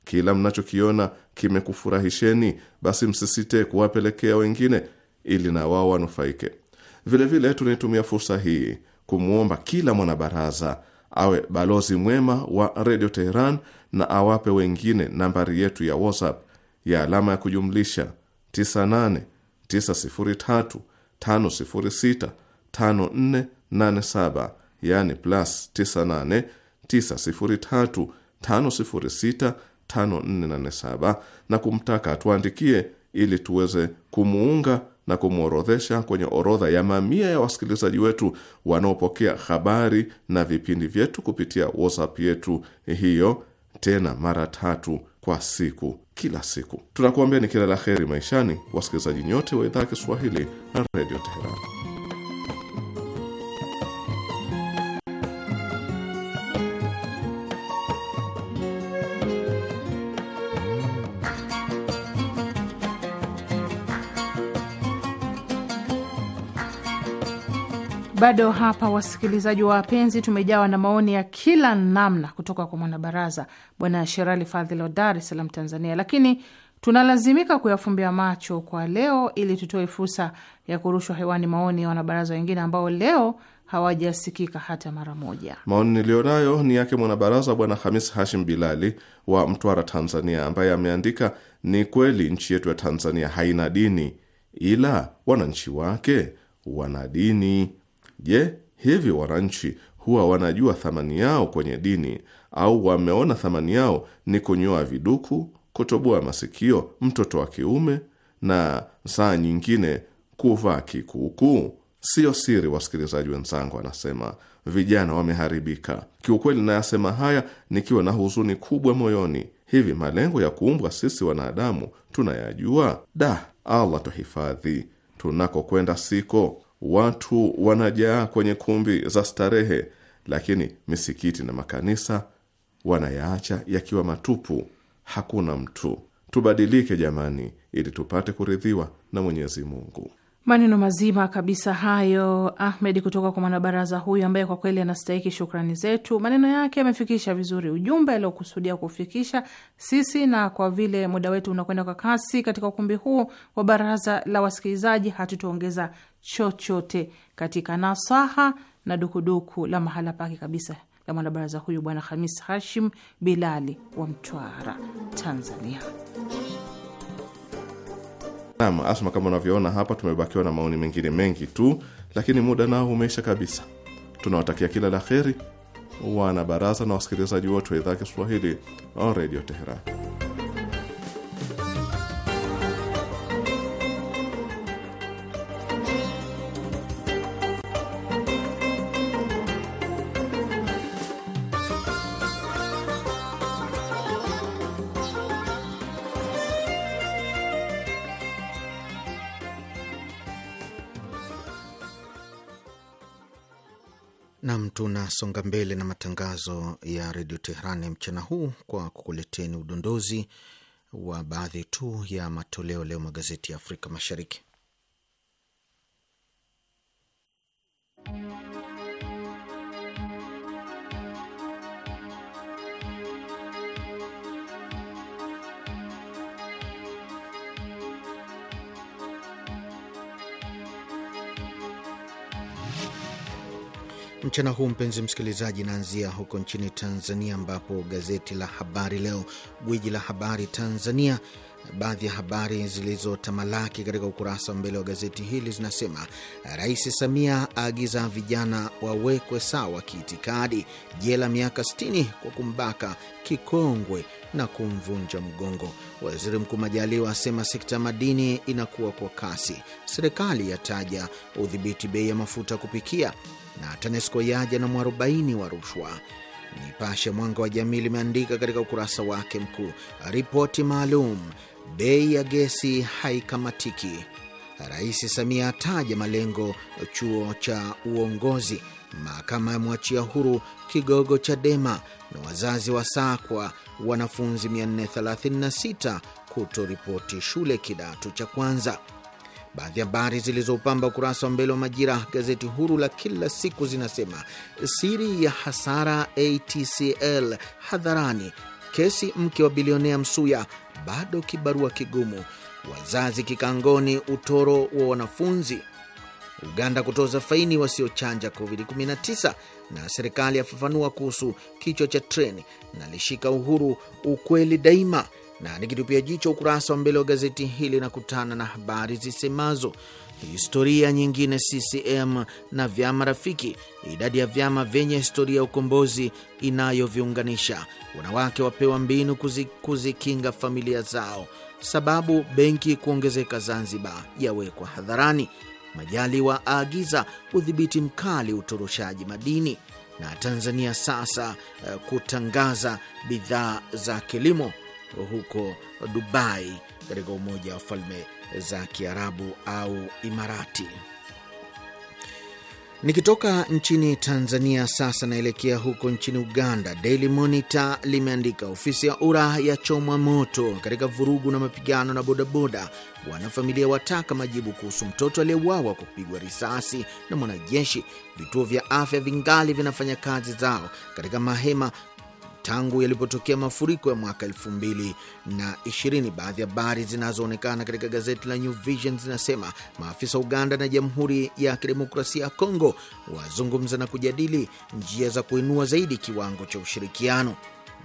Kila mnachokiona kimekufurahisheni, basi msisite kuwapelekea wengine ili na wao wanufaike vilevile. Tunaitumia fursa hii kumwomba kila mwanabaraza awe balozi mwema wa Redio Teheran na awape wengine nambari yetu ya WhatsApp ya alama ya kujumlisha 9890350654 9893565487 yani plus 98 na kumtaka tuandikie ili tuweze kumuunga na kumworodhesha kwenye orodha ya mamia ya wasikilizaji wetu wanaopokea habari na vipindi vyetu kupitia WhatsApp yetu hiyo, tena mara tatu kwa siku, kila siku. Tunakuambia ni kila la heri maishani, wasikilizaji nyote wa idhaa ya Kiswahili na Redio Teherani. Bado hapa wasikilizaji wa wapenzi, tumejawa na maoni ya kila namna kutoka kwa mwanabaraza Bwana Sherali Fadhil wa Dar es Salaam, Tanzania, lakini tunalazimika kuyafumbia macho kwa leo ili tutoe fursa ya kurushwa hewani maoni ya wanabaraza wengine ambao leo hawajasikika hata mara moja. Maoni niliyonayo ni yake mwanabaraza Bwana Hamis Hashim Bilali wa Mtwara, Tanzania, ambaye ameandika: ni kweli nchi yetu ya Tanzania haina dini, ila wananchi wake wana dini Je, hivi wananchi huwa wanajua thamani yao kwenye dini au wameona thamani yao ni kunyoa viduku, kutoboa masikio mtoto wa kiume na saa nyingine kuvaa kikuukuu? Siyo siri, wasikilizaji wenzangu, anasema vijana wameharibika. Kiukweli nayasema haya nikiwa na huzuni kubwa moyoni. Hivi malengo ya kuumbwa sisi wanadamu tunayajua? Da, Allah tuhifadhi, tunakokwenda siko watu wanajaa kwenye kumbi za starehe, lakini misikiti na makanisa wanayaacha yakiwa matupu, hakuna mtu. Tubadilike jamani, ili tupate kuridhiwa na Mwenyezi Mungu. Maneno mazima kabisa hayo Ahmed kutoka kwa mwanabaraza huyu ambaye kwa kweli anastahiki shukrani zetu. Maneno yake amefikisha vizuri ujumbe aliokusudia kufikisha sisi, na kwa vile muda wetu unakwenda kwa kasi katika ukumbi huu wa baraza la wasikilizaji, hatutaongeza chochote katika nasaha na dukuduku la mahala pake kabisa la mwanabaraza huyu Bwana Hamis Hashim Bilali wa Mtwara, Tanzania. Naam, Asma, kama unavyoona hapa tumebakiwa na maoni mengine mengi tu, lakini muda nao umeisha kabisa. Tunawatakia kila la kheri wana baraza na wasikilizaji wote wa idhaa Kiswahili Radio Teheran. tunasonga mbele na matangazo ya redio Teherani mchana huu kwa kukuleteni udondozi wa baadhi tu ya matoleo leo magazeti ya Afrika Mashariki. mchana huu, mpenzi msikilizaji, naanzia huko nchini Tanzania, ambapo gazeti la Habari Leo, gwiji la habari Tanzania, baadhi ya habari zilizotamalaki katika ukurasa wa mbele wa gazeti hili zinasema: Rais Samia aagiza vijana wawekwe sawa kiitikadi, jela miaka 60 kwa kumbaka kikongwe na kumvunja mgongo. Waziri Mkuu Majaliwa asema sekta ya madini inakuwa kwa kasi. Serikali yataja udhibiti bei ya mafuta kupikia na TANESCO yaja na mwarobaini wa rushwa. Nipashe Mwanga wa Jamii limeandika katika ukurasa wake mkuu, ripoti maalum, bei ya gesi haikamatiki. Rais Samia ataja malengo chuo cha uongozi. Mahakama yamwachia huru kigogo Chadema, na wazazi wa sakwa wanafunzi 436 kutoripoti shule kidato cha kwanza. Baadhi ya habari zilizopamba ukurasa wa mbele wa Majira, gazeti huru la kila siku, zinasema siri ya hasara ATCL hadharani, kesi mke wa bilionea Msuya bado kibarua kigumu, wazazi kikangoni utoro wa wanafunzi, Uganda kutoza faini wasiochanja COVID-19, na serikali yafafanua kuhusu kichwa cha treni. Nalishika Uhuru, ukweli daima na nikitupia jicho ukurasa wa mbele wa gazeti hili na kutana na habari zisemazo historia nyingine, CCM na vyama rafiki, idadi ya vyama vyenye historia ya ukombozi inayoviunganisha, wanawake wapewa mbinu kuzikinga kuzi familia zao, sababu benki kuongezeka Zanzibar yawekwa hadharani, Majaliwa aagiza udhibiti mkali utoroshaji madini, na Tanzania sasa eh, kutangaza bidhaa za kilimo huko Dubai katika Umoja wa Falme za Kiarabu au Imarati. Nikitoka nchini Tanzania sasa naelekea huko nchini Uganda. Daily Monitor limeandika ofisi ya URA ya chomwa moto katika vurugu na mapigano na bodaboda. Wanafamilia wataka majibu kuhusu mtoto aliyeuawa kupigwa risasi na mwanajeshi. Vituo vya afya vingali vinafanya kazi zao katika mahema tangu yalipotokea mafuriko ya mwaka elfu mbili na ishirini. Baadhi ya habari zinazoonekana katika gazeti la New Vision zinasema maafisa wa Uganda na Jamhuri ya Kidemokrasia ya Kongo wazungumza na kujadili njia za kuinua zaidi kiwango cha ushirikiano.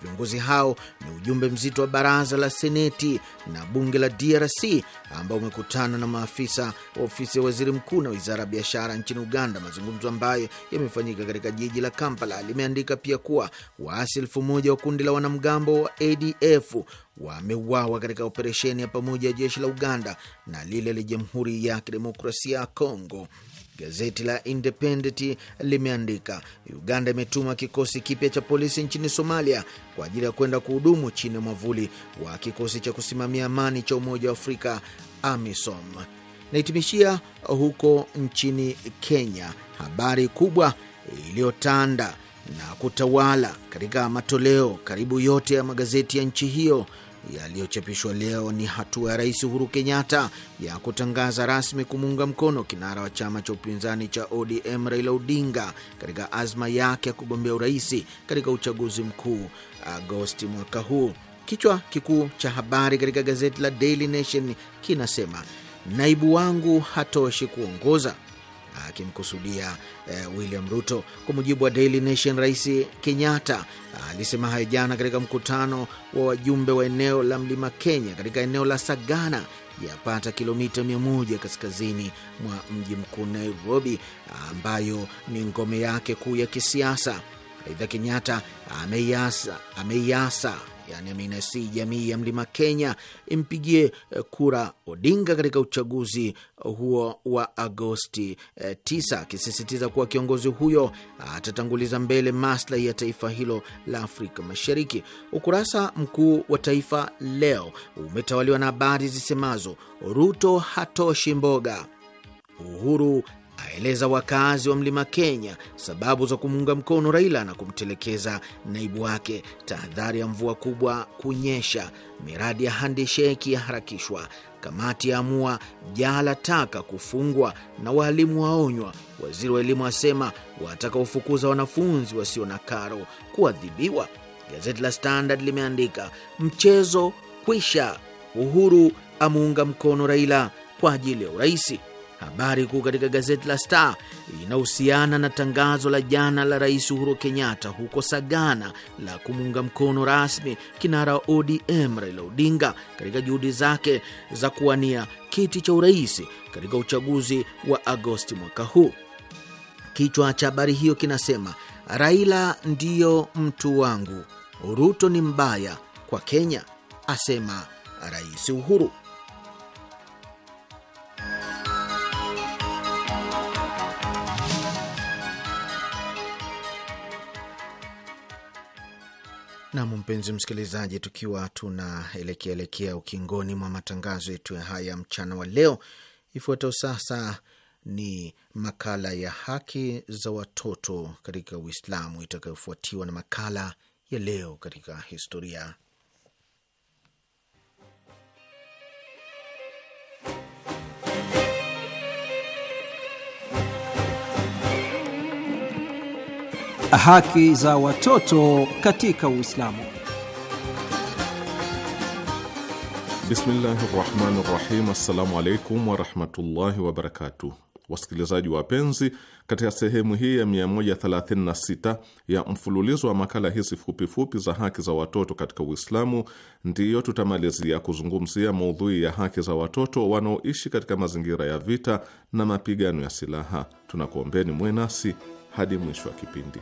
Viongozi hao ni ujumbe mzito wa baraza la seneti na bunge la DRC ambao umekutana na maafisa wa ofisi ya waziri mkuu na wizara ya biashara nchini Uganda, mazungumzo ambayo yamefanyika katika jiji la Kampala. Limeandika pia kuwa waasi elfu moja wa kundi la wanamgambo wa ADF wameuawa katika operesheni ya pamoja ya jeshi la Uganda na lile la Jamhuri ya Kidemokrasia ya Kongo. Gazeti la Independent limeandika Uganda imetuma kikosi kipya cha polisi nchini Somalia kwa ajili ya kwenda kuhudumu chini ya mwavuli wa kikosi cha kusimamia amani cha Umoja wa Afrika, AMISOM. Naitimishia huko nchini Kenya. Habari kubwa iliyotanda na kutawala katika matoleo karibu yote ya magazeti ya nchi hiyo yaliyochapishwa leo ni hatua ya Rais Uhuru Kenyatta ya kutangaza rasmi kumuunga mkono kinara wa chama cha upinzani cha ODM Raila Odinga katika azma yake ya kugombea uraisi katika uchaguzi mkuu Agosti mwaka huu. Kichwa kikuu cha habari katika gazeti la Daily Nation kinasema naibu wangu hatoshi kuongoza akimkusudia uh, William Ruto. Kwa mujibu wa Daily Nation, Rais Kenyatta ah, alisema hayo jana katika mkutano wa wajumbe wa eneo la Mlima Kenya katika eneo la Sagana yapata kilomita mia moja kaskazini mwa mji mkuu Nairobi, ambayo ni ngome yake kuu ya kisiasa. Aidha, Kenyatta ameiasa ameiasa yani aminasii jamii ya mlima Kenya impigie eh, kura Odinga katika uchaguzi huo wa Agosti 9, eh, akisisitiza kuwa kiongozi huyo atatanguliza mbele maslahi ya taifa hilo la Afrika Mashariki. Ukurasa mkuu wa Taifa Leo umetawaliwa na habari zisemazo Ruto hatoshi mboga, Uhuru aeleza wakazi wa Mlima Kenya sababu za kumuunga mkono Raila na kumtelekeza naibu wake, tahadhari ya mvua kubwa kunyesha, miradi ya handisheki yaharakishwa, kamati ya amua jala taka kufungwa na waalimu waonywa, waziri wa elimu asema watakaofukuza wanafunzi wasio na karo kuadhibiwa. Gazeti la Standard limeandika mchezo kwisha, Uhuru amuunga mkono Raila kwa ajili ya uraisi. Habari kuu katika gazeti la Star inahusiana na tangazo la jana la Rais Uhuru Kenyatta huko Sagana la kumuunga mkono rasmi kinara ODM Raila Odinga katika juhudi zake za kuwania kiti cha urais katika uchaguzi wa Agosti mwaka huu. Kichwa cha habari hiyo kinasema Raila ndiyo mtu wangu, Ruto ni mbaya kwa Kenya, asema Rais Uhuru. Nam, mpenzi msikilizaji, tukiwa tunaelekea elekea ukingoni mwa matangazo yetu haya mchana wa leo, ifuatayo sasa ni makala ya haki za watoto katika Uislamu itakayofuatiwa na makala ya leo katika historia. Haki za watoto katika Uislamu. Bismillahi rahmani rahim. Assalamu alaikum warahmatullahi wabarakatuh. Wasikilizaji wapenzi, katika sehemu hii ya 136 ya mfululizo wa makala hizi fupifupi za haki za watoto katika Uislamu, ndiyo tutamalizia kuzungumzia maudhui ya haki za watoto wanaoishi katika mazingira ya vita na mapigano ya silaha. Tunakuombeni mwe nasi hadi mwisho wa kipindi.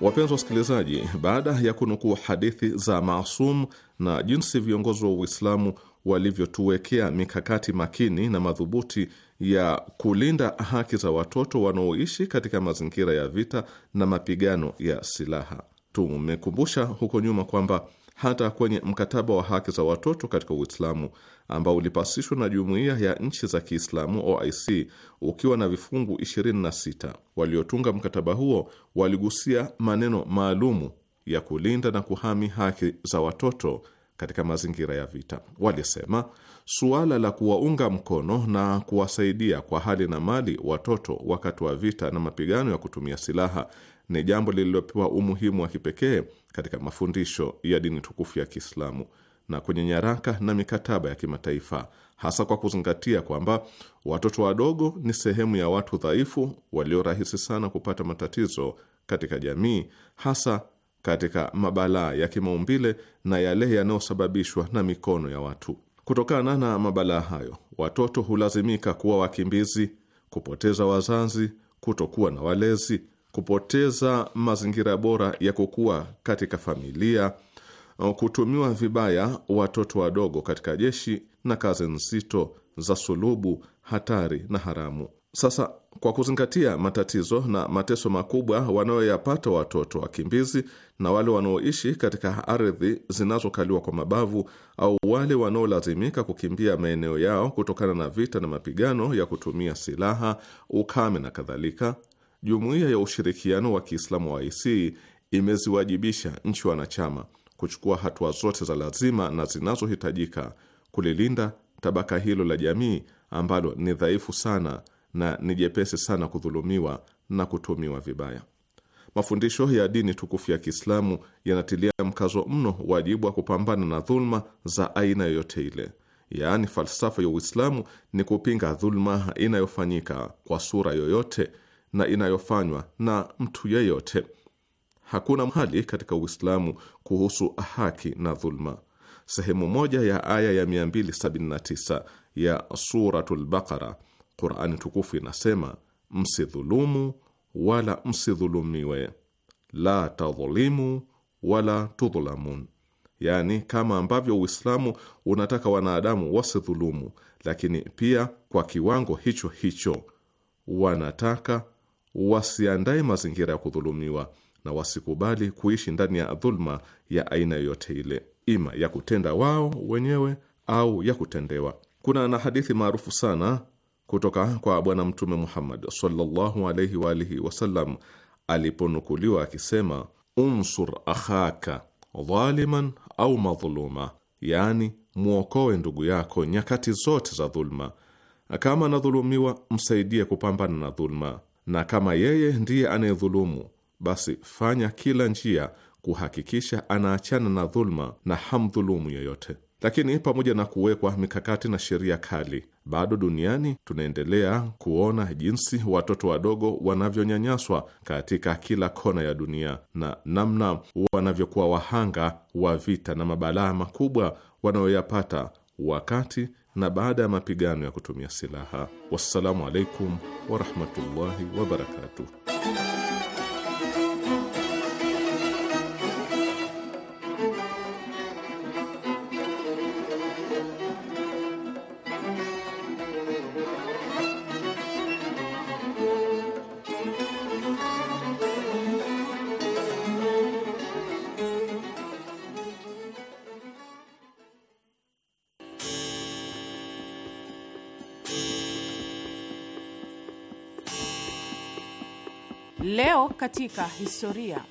Wapenzi wasikilizaji, baada ya kunukuu hadithi za Maasum na jinsi viongozi wa Uislamu walivyotuwekea mikakati makini na madhubuti ya kulinda haki za watoto wanaoishi katika mazingira ya vita na mapigano ya silaha. Tumekumbusha huko nyuma kwamba hata kwenye mkataba wa haki za watoto katika Uislamu ambao ulipasishwa na Jumuiya ya Nchi za Kiislamu OIC ukiwa na vifungu 26, waliotunga mkataba huo waligusia maneno maalumu ya kulinda na kuhami haki za watoto katika mazingira ya vita. Walisema suala la kuwaunga mkono na kuwasaidia kwa hali na mali watoto wakati wa vita na mapigano ya kutumia silaha ni jambo lililopewa umuhimu wa kipekee katika mafundisho ya dini tukufu ya Kiislamu na kwenye nyaraka na mikataba ya kimataifa, hasa kwa kuzingatia kwamba watoto wadogo ni sehemu ya watu dhaifu walio rahisi sana kupata matatizo katika jamii, hasa katika mabalaa ya kimaumbile na yale yanayosababishwa na mikono ya watu. Kutokana na mabalaa hayo, watoto hulazimika kuwa wakimbizi, kupoteza wazazi, kutokuwa na walezi, kupoteza mazingira bora ya kukua katika familia, kutumiwa vibaya watoto wadogo katika jeshi na kazi nzito za sulubu, hatari na haramu. Sasa kwa kuzingatia matatizo na mateso makubwa wanayoyapata watoto wakimbizi na wale wanaoishi katika ardhi zinazokaliwa kwa mabavu au wale wanaolazimika kukimbia maeneo yao kutokana na vita na mapigano ya kutumia silaha, ukame na kadhalika, Jumuiya ya Ushirikiano wa Kiislamu wa IC imeziwajibisha nchi wanachama kuchukua hatua zote za lazima na zinazohitajika kulilinda tabaka hilo la jamii ambalo ni dhaifu sana na ni jepesi sana kudhulumiwa na kutumiwa vibaya. Mafundisho ya dini tukufu ya Kiislamu yanatilia mkazo mno wajibu wa kupambana na dhulma za aina yoyote ile. Yaani, falsafa ya Uislamu ni kupinga dhulma inayofanyika kwa sura yoyote na inayofanywa na mtu yeyote. Hakuna mhali katika Uislamu kuhusu haki na dhulma. Sehemu moja ya aya ya 279 ya Suratul Baqara Qurani tukufu inasema, msidhulumu wala msidhulumiwe, la tadhulimu wala tudhlamun. Yaani, kama ambavyo Uislamu unataka wanadamu wasidhulumu, lakini pia kwa kiwango hicho hicho wanataka wasiandae mazingira ya kudhulumiwa na wasikubali kuishi ndani ya dhulma ya aina yoyote ile, ima ya kutenda wao wenyewe au ya kutendewa. Kuna na hadithi maarufu sana kutoka kwa Bwana Mtume Muhammad sallallahu alaihi wa alihi wasallam aliponukuliwa akisema, unsur akhaka dhaliman au madhuluma, yaani mwokoe ndugu yako nyakati zote za dhuluma. Kama anadhulumiwa msaidie kupambana na dhuluma, na kama yeye ndiye anayedhulumu, basi fanya kila njia kuhakikisha anaachana na dhuluma na hamdhulumu yoyote. Lakini pamoja na kuwekwa mikakati na sheria kali, bado duniani tunaendelea kuona jinsi watoto wadogo wanavyonyanyaswa katika kila kona ya dunia na namna wanavyokuwa wahanga wa vita na mabalaa makubwa wanayoyapata wakati na baada ya mapigano ya kutumia silaha. Wassalamu alaikum warahmatullahi wabarakatuh. katika historia.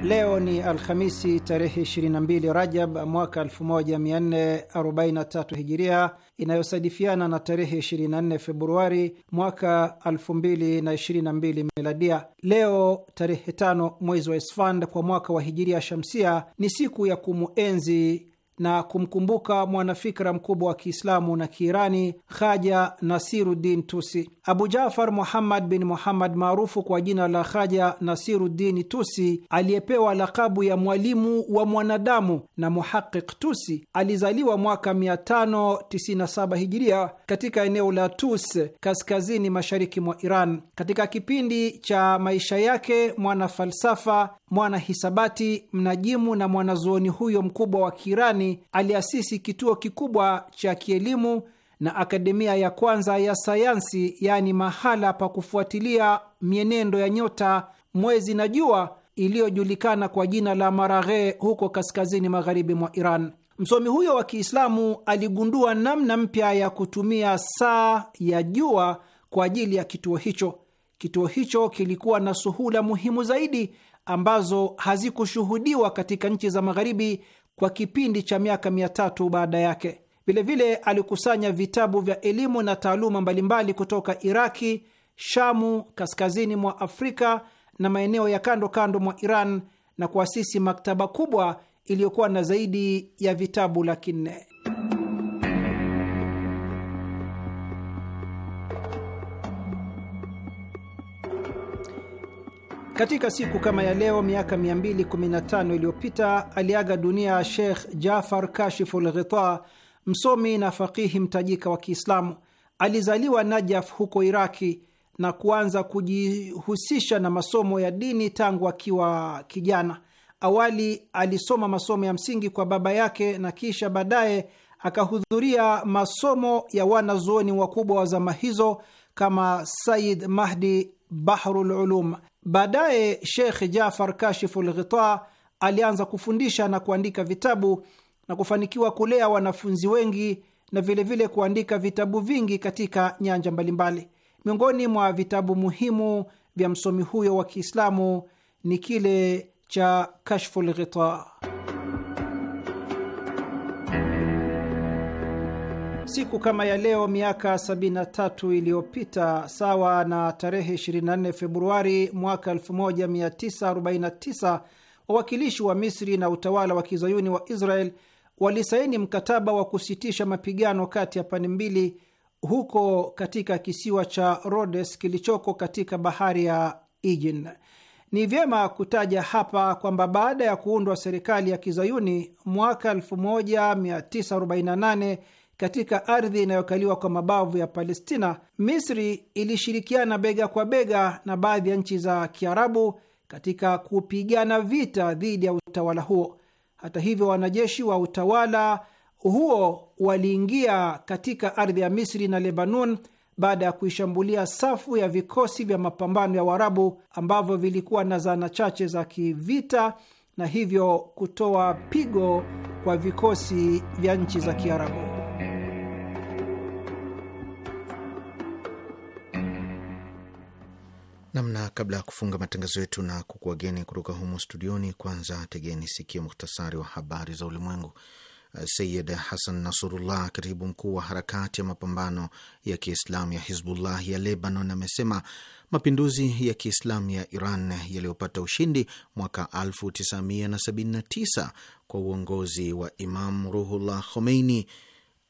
Leo ni Alhamisi tarehe 22 Rajab mwaka 1443 Hijiria, inayosadifiana na tarehe 24 Februari mwaka 2022 Miladia. Leo tarehe tano mwezi wa Esfand kwa mwaka wa Hijiria Shamsia ni siku ya kumuenzi na kumkumbuka mwanafikra mkubwa wa Kiislamu na Kiirani Haja Nasiruddin Tusi. Abu Jafar Muhammad bin Muhammad maarufu kwa jina la Haja Nasiruddin Tusi, aliyepewa lakabu ya mwalimu wa mwanadamu na Muhaqiq Tusi, alizaliwa mwaka 597 Hijiria katika eneo la Tus kaskazini mashariki mwa Iran. Katika kipindi cha maisha yake mwana falsafa mwanahisabati, mnajimu na mwanazuoni huyo mkubwa wa Kiirani aliasisi kituo kikubwa cha kielimu na akademia ya kwanza ya sayansi, yaani mahala pa kufuatilia mienendo ya nyota, mwezi na jua, iliyojulikana kwa jina la Maraghe huko kaskazini magharibi mwa Iran. Msomi huyo wa Kiislamu aligundua namna mpya ya kutumia saa ya jua kwa ajili ya kituo hicho. Kituo hicho kilikuwa na suhula muhimu zaidi ambazo hazikushuhudiwa katika nchi za magharibi kwa kipindi cha miaka mia tatu baada yake. Vilevile alikusanya vitabu vya elimu na taaluma mbalimbali kutoka Iraki, Shamu, kaskazini mwa Afrika na maeneo ya kando kando mwa Iran na kuasisi maktaba kubwa iliyokuwa na zaidi ya vitabu laki nne. Katika siku kama ya leo miaka 215 iliyopita aliaga dunia Sheikh Jafar Kashiful Ghita, msomi na faqihi mtajika wa Kiislamu. Alizaliwa Najaf huko Iraki na kuanza kujihusisha na masomo ya dini tangu akiwa kijana. Awali alisoma masomo ya msingi kwa baba yake na kisha baadaye akahudhuria masomo ya wanazuoni wakubwa wa zama hizo kama Said Mahdi Bahrul Ulum. Baadaye Sheikh Jafar Kashiful Ghita alianza kufundisha na kuandika vitabu na kufanikiwa kulea wanafunzi wengi na vilevile vile kuandika vitabu vingi katika nyanja mbalimbali. Miongoni mwa vitabu muhimu vya msomi huyo wa Kiislamu ni kile cha Kashful Ghita. Siku kama ya leo miaka 73 iliyopita, sawa na tarehe 24 Februari mwaka 1949, wawakilishi wa Misri na utawala wa kizayuni wa Israel walisaini mkataba wa kusitisha mapigano kati ya pande mbili huko katika kisiwa cha Rhodes kilichoko katika bahari ya Aegean. Ni vyema kutaja hapa kwamba baada ya kuundwa serikali ya kizayuni mwaka 1948 katika ardhi inayokaliwa kwa mabavu ya Palestina, Misri ilishirikiana bega kwa bega na baadhi ya nchi za Kiarabu katika kupigana vita dhidi ya utawala huo. Hata hivyo, wanajeshi wa utawala huo waliingia katika ardhi ya Misri na Lebanon baada ya kuishambulia safu ya vikosi vya mapambano ya Waarabu ambavyo vilikuwa na zana chache za kivita na hivyo kutoa pigo kwa vikosi vya nchi za Kiarabu. namna. Kabla ya kufunga matangazo yetu na kukuageni kutoka humo studioni, kwanza tegeni sikia muhtasari wa habari za ulimwengu. Uh, Sayid Hasan Nasurullah, katibu mkuu wa harakati ya mapambano ya Kiislamu ya Hizbullah ya Lebanon, amesema mapinduzi ya Kiislamu ya Iran yaliyopata ushindi mwaka 1979 kwa uongozi wa Imam Ruhullah Khomeini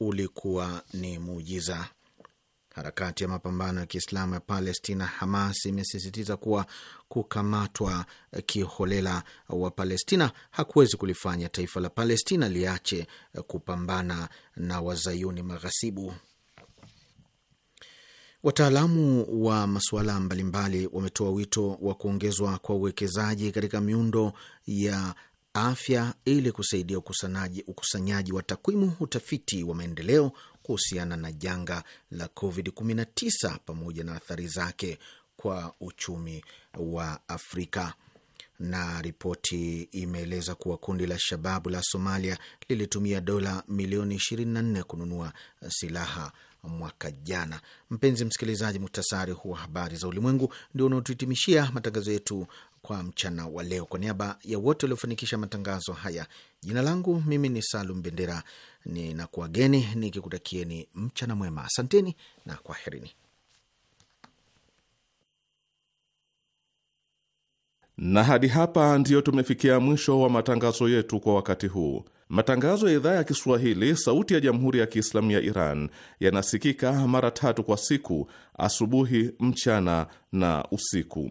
ulikuwa ni muujiza. Harakati ya mapambano ya Kiislamu ya Palestina, Hamas, imesisitiza kuwa kukamatwa kiholela wa Palestina hakuwezi kulifanya taifa la Palestina liache kupambana na wazayuni maghasibu. Wataalamu wa masuala mbalimbali wametoa wito wa kuongezwa kwa uwekezaji katika miundo ya afya ili kusaidia ukusanyaji wa takwimu, utafiti wa maendeleo, kuhusiana na janga la COVID-19 pamoja na athari zake kwa uchumi wa Afrika. Na ripoti imeeleza kuwa kundi la Shababu la Somalia lilitumia dola milioni 24 kununua silaha mwaka jana. Mpenzi msikilizaji, muhtasari huu wa habari za ulimwengu ndio unaotuhitimishia matangazo yetu kwa mchana wa leo. Kwa niaba ya wote waliofanikisha matangazo haya, jina langu mimi ni Salum Bendera, ninakuwageni nikikutakieni mchana mwema. Asanteni na kwaherini. Na hadi hapa ndiyo tumefikia mwisho wa matangazo yetu kwa wakati huu. Matangazo ya idhaa ya Kiswahili sauti ya jamhuri ya Kiislamu ya Iran yanasikika mara tatu kwa siku: asubuhi, mchana na usiku.